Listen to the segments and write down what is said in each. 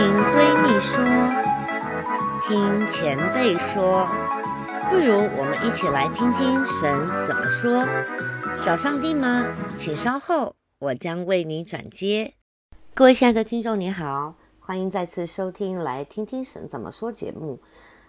聽閨蜜說，聽前輩說，不如我們一起來聽聽神怎麼說。找上帝嗎？請稍後，我將為你轉接。各位親愛的聽眾，你好，歡迎再次收聽《來聽聽神怎麼說》節目。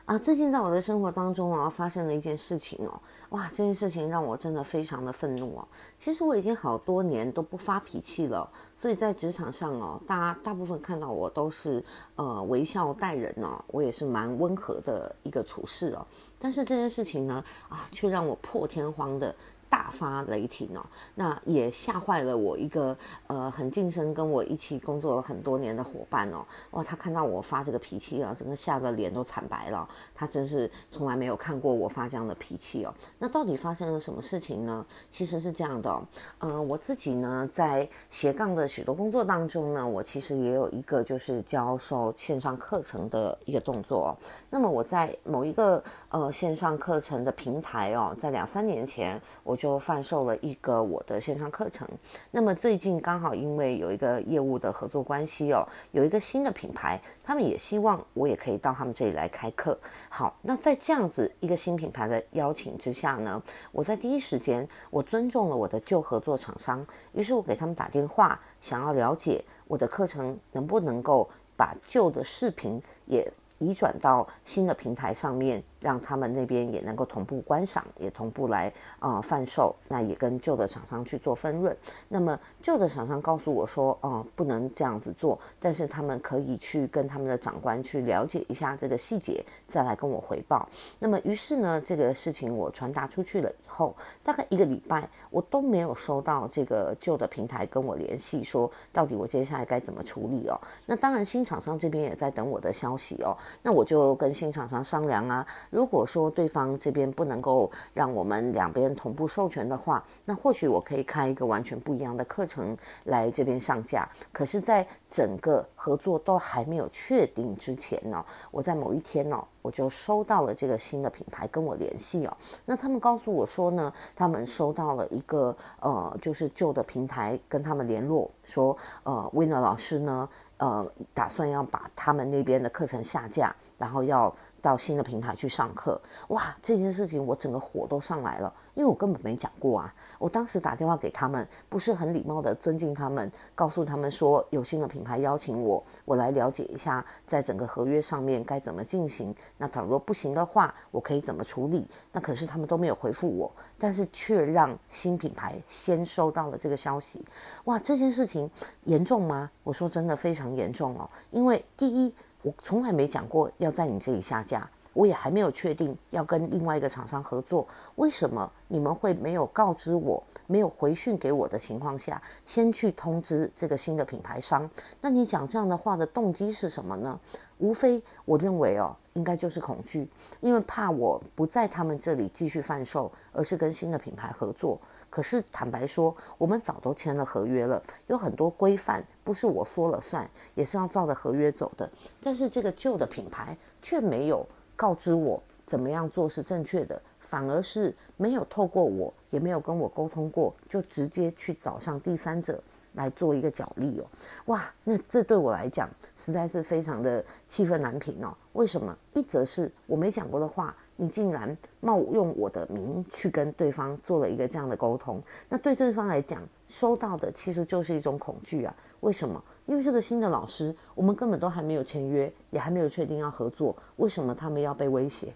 啊，最近在我的生活當中啊、哦，發生了一件事情哦，哇，這件事情讓我真的非常的憤怒哦。其實我已經好多年都不發脾氣了，所以在職場上哦，大家大部分看到我都是呃微笑待人哦，我也是蠻溫和的一個處事哦。但是這件事情呢，啊，卻讓我破天荒的。大發雷霆哦，那也嚇壞了我一個呃很近身跟我一起工作了很多年的夥伴哦，哇，他看到我發這個脾氣啊、哦，真的嚇得臉都慘白了。他真是從來沒有看過我發這樣的脾氣哦。那到底發生了什麼事情呢？其實是這樣的、哦，嗯、呃，我自己呢在斜槓的許多工作當中呢，我其實也有一個就是教授線上課程的一個動作、哦。那麼我在某一個呃線上課程的平台哦，在兩三年前我。就販售了一個我的線上課程。那麼最近剛好因為有一個業務的合作關係哦，有一個新的品牌，他們也希望我也可以到他們這裡來開課。好，那在這樣子一個新品牌的邀請之下呢，我在第一時間，我尊重了我的舊合作廠商，於是我給他們打電話，想要了解我的課程能不能夠把舊的視頻也移轉到新的平台上面。讓他們那邊也能夠同步觀賞，也同步來啊、呃、販售，那也跟舊的廠商去做分潤。那麼舊的廠商告訴我說，哦、呃，不能這樣子做，但是他們可以去跟他們的長官去了解一下這個細節，再來跟我回報。那麼於是呢，這個事情我傳達出去了以後，大概一個禮拜，我都沒有收到這個舊的平台跟我聯繫說，到底我接下來該怎麼處理哦。那當然，新廠商這邊也在等我的消息哦。那我就跟新廠商商商量啊。如果說對方這邊不能夠讓我們兩邊同步授權的話，那或許我可以開一個完全不一樣的課程來這邊上架。可是，在整個合作都還沒有確定之前呢，我在某一天呢。我就收到了這個新的品牌跟我聯繫哦，那他們告訴我說呢，他們收到了一個呃，就是舊的平台跟他們聯絡說，呃，威諾老師呢，呃，打算要把他們那邊的課程下架，然後要到新的平台去上課。哇，這件事情我整個火都上來了。因為我根本沒講過啊，我當時打電話給他們，不是很禮貌的尊敬他們，告訴他們說有新的品牌邀請我，我來了解一下，在整個合約上面該怎麼進行。那倘若不行的話，我可以怎麼處理？那可是他們都沒有回復我，但是卻讓新品牌先收到了這個消息。哇，這件事情嚴重嗎？我說真的非常嚴重哦，因為第一我從來沒講過要在你這裡下架。我也還沒有確定要跟另外一個廠商合作。為什麼你們會沒有告知我、沒有回訊給我的情況下，先去通知這個新的品牌商？那你講這樣的話的動機是什麼呢？無非我認為哦，應該就是恐懼，因為怕我不在他們這裡繼續販售，而是跟新的品牌合作。可是坦白說，我們早都簽了合約了，有很多規範不是我說了算，也是要照着合約走的。但是這個舊的品牌卻沒有。告知我怎麼樣做是正確的，反而是沒有透過我，也沒有跟我溝通過，就直接去找上第三者來做一個角力哦。哇，那這對我來講實在是非常的氣憤難平哦。為什麼？一則是我沒講過的話。你竟然冒用我的名去跟對方做了一個這樣的溝通，那對對方來講，收到的其實就是一種恐懼啊。為什麼？因為這個新的老師，我們根本都還沒有簽約，也還沒有確定要合作。為什麼他們要被威脅？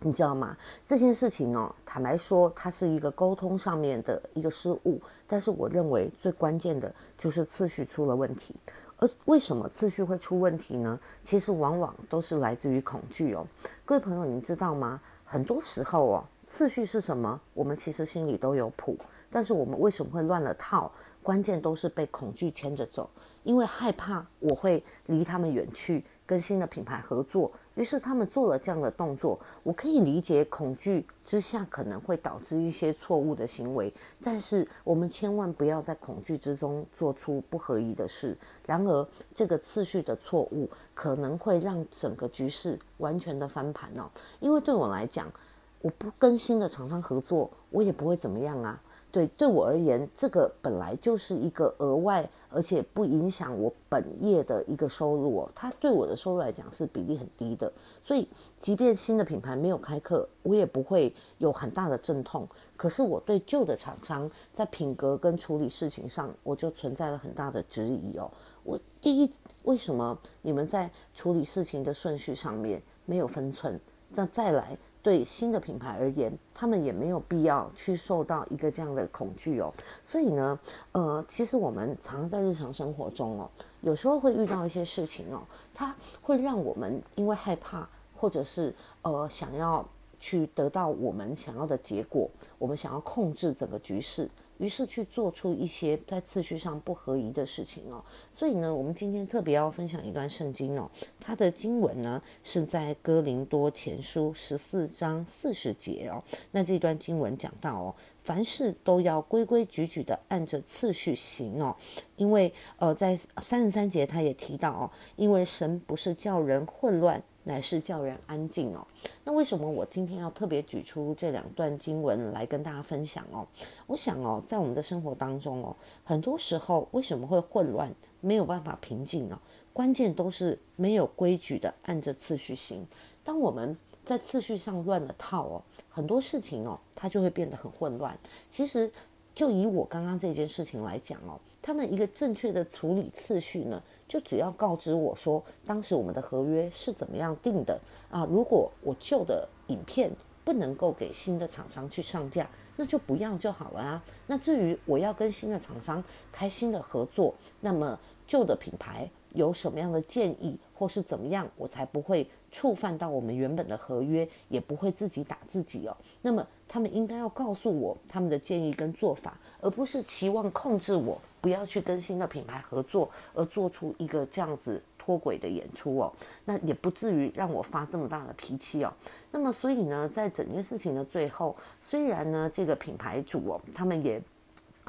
你知道嗎？這件事情呢、哦，坦白說，它是一個溝通上面的一個失誤。但是我認為最關鍵的就是次序出了問題。而為什麼次序會出問題呢？其實往往都是來自於恐懼哦，各位朋友，你們知道嗎？很多時候哦，次序是什麼，我們其實心裡都有譜，但是我們為什麼會亂了套？關鍵都是被恐懼牽着走，因為害怕我會離他們遠去，跟新的品牌合作。於是他們做了這樣的動作，我可以理解恐懼之下可能會導致一些錯誤的行為，但是我們千萬不要在恐懼之中做出不合宜的事。然而這個次序的錯誤可能會讓整個局勢完全的翻盤哦，因為對我來講，我不跟新的廠商合作，我也不會怎麼樣啊。對，對我而言，這個本來就是一個額外，而且不影響我本業的一個收入哦。它對我的收入來講是比例很低的，所以即便新的品牌沒有開課，我也不會有很大的陣痛。可是我對舊的廠商在品格跟處理事情上，我就存在了很大的質疑哦。我第一，為什麼你們在處理事情的順序上面沒有分寸？那再來。對新的品牌而言，他們也沒有必要去受到一個這樣的恐懼哦。所以呢，呃，其實我們常在日常生活中哦，有時候會遇到一些事情哦，它會讓我們因為害怕，或者是呃想要去得到我們想要的結果，我們想要控制整個局勢。於是去做出一些在次序上不合宜的事情哦，所以呢，我們今天特別要分享一段聖經哦，它的經文呢是在哥林多前書十四章四十節哦，那這段經文講到哦，凡事都要規規矩矩的按着次序行哦，因為呃，在三十三節他也提到哦，因為神不是叫人混亂，乃是叫人安靜哦。那為什麼我今天要特別舉出這兩段經文來跟大家分享哦？我想哦，在我們的生活當中哦，很多時候為什麼會混亂，沒有辦法平靜呢哦？關鍵都是沒有規矩的按着次序行。當我們在次序上亂了套哦，很多事情哦，它就會變得很混亂。其實，就以我剛剛這件事情來講哦，他們一個正確的處理次序呢。就只要告知我說，當時我們的合約是怎麼樣定的啊？如果我舊的影片不能夠給新的廠商去上架，那就不要就好了啊。那至於我要跟新的廠商開新的合作，那麼舊的品牌。有什麼樣的建議，或是怎麼樣，我才不會觸犯到我們原本的合約，也不會自己打自己哦。那麼他們應該要告訴我他們的建議跟做法，而不是期望控制我不要去跟新的品牌合作，而做出一個這樣子脫軌的演出哦，那也不至於讓我發這麼大的脾氣哦。那麼所以呢，在整件事情的最後，雖然呢這個品牌主哦，他們也。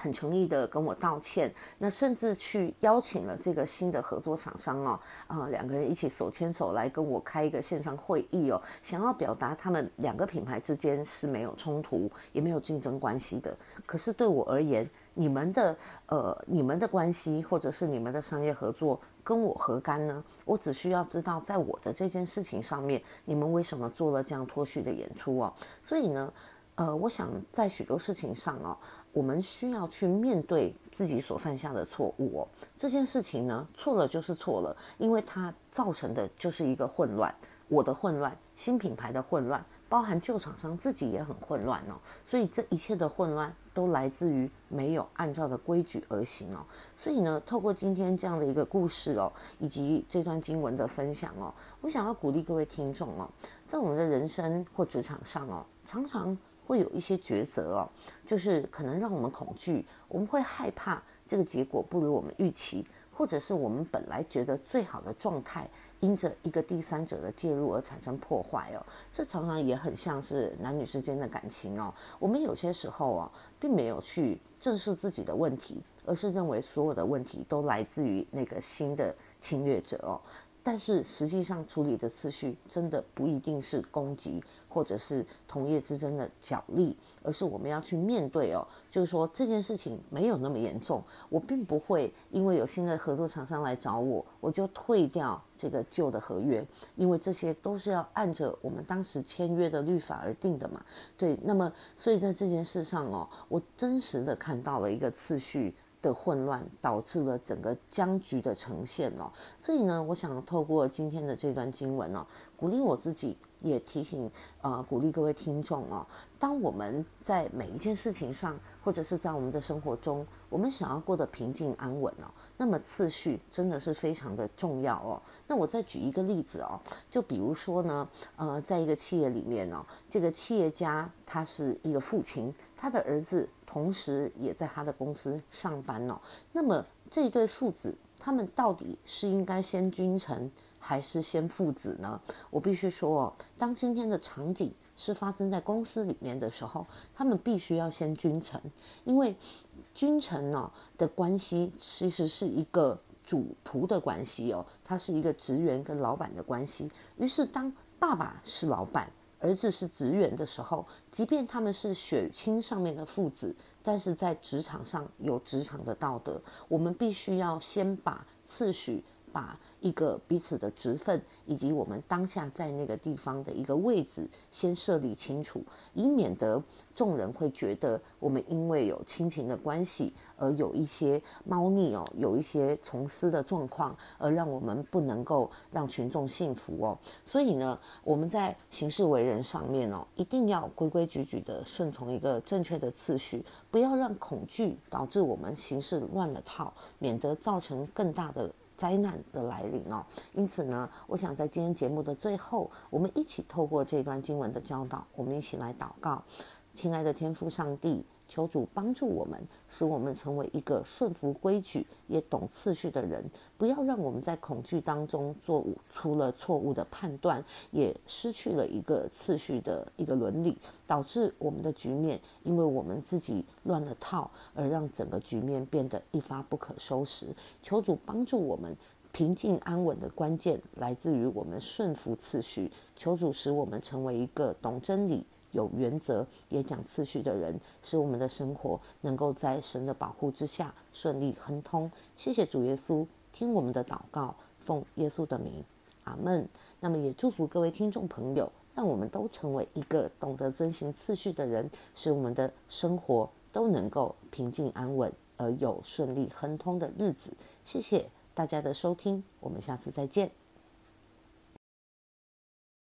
很誠意的跟我道歉，那甚至去邀請了這個新的合作廠商哦，啊、呃，兩個人一起手牽手來跟我開一個線上會議哦，想要表達他們兩個品牌之間是沒有衝突，也沒有競爭關係的。可是對我而言，你們的呃，你們的關係或者是你們的商業合作跟我何干呢？我只需要知道，在我的這件事情上面，你們為什麼做了這樣脫序的演出哦？所以呢，呃，我想在許多事情上哦，我們需要去面對自己所犯下的錯誤哦。這件事情呢，錯了就是錯了，因為它造成的就是一個混亂，我的混亂，新品牌的混亂，包含舊廠商自己也很混亂哦。所以這一切的混亂都來自於沒有按照的規矩而行哦。所以呢，透過今天這樣的一個故事哦，以及這段經文的分享哦，我想要鼓勵各位聽眾哦，在我們的人生或職場上哦，常常。會有一些抉擇哦，就是可能讓我們恐懼，我們會害怕這個結果不如我們預期，或者是我們本來覺得最好的狀態，因着一個第三者的介入而產生破壞哦。這常常也很像是男女之間的感情哦，我們有些時候哦，並沒有去正視自己的問題，而是認為所有的問題都來自於那個新的侵略者哦。但是實際上處理的次序真的不一定是攻擊或者是同業之爭的角力，而是我們要去面對哦，就是說這件事情沒有那麼嚴重。我並不會因為有新的合作廠商來找我，我就退掉這個舊的合約，因為這些都是要按着我們當時簽約的律法而定的嘛。對，那麼所以在這件事上哦，我真實的看到了一個次序，的混亂導致了整個僵局的呈現哦，所以呢，我想透過今天的這段經文哦，鼓勵我自己，也提醒呃，鼓勵各位聽眾哦，當我們在每一件事情上，或者是在我們的生活中，我們想要過得平靜安穩哦，那麼次序真的是非常的重要哦。那我再舉一個例子哦，就比如說呢，呃，在一個企業裡面哦，這個企業家他是一個父親。他的兒子同時也在他的公司上班哦。那麼這一對父子，他們到底是應該先君臣還是先父子呢？我必須說，哦，當今天的場景是發生在公司裡面的時候，他們必須要先君臣，因為君臣呢、哦、的關係其實是一個主僕的關係哦，他是一個職員跟老板的關係。於是，當爸爸是老板。兒子是職員的時候，即便他們是血親上面的父子，但是在職場上有職場的道德，我們必須要先把次序。把一個彼此的職分，以及我們當下在那個地方的一個位置，先設立清楚，以免得眾人會覺得我們因為有親情的關係而有一些貓膩哦，有一些徇私的狀況，而讓我們不能夠讓群眾信服哦。所以呢，我們在行事為人上面哦，一定要規規矩矩的順從一個正確的次序，不要讓恐懼導致我們行事亂了套，免得造成更大的災難的來臨哦，因此呢，我想在今天節目的最後，我們一起透過這段經文的教導，我們一起來禱告。親愛的天父上帝。求主幫助我們，使我們成為一個順服規矩、也懂次序的人。不要讓我們在恐懼當中做出了錯誤的判斷，也失去了一個次序的一個倫理，導致我們的局面，因為我們自己亂了套，而讓整個局面變得一發不可收拾。求主幫助我們，平靜安穩的關鍵來自於我們順服次序。求主使我們成為一個懂真理、有原則、也講次序的人，使我們的生活能夠在神的保護之下順利亨通。謝謝主耶穌，聽我們的禱告，奉耶穌的名，阿門。那麼也祝福各位聽眾朋友，讓我們都成為一個懂得遵循次序的人，使我們的生活都能夠平靜安穩而有順利亨通的日子。謝謝大家的收聽，我們下次再見。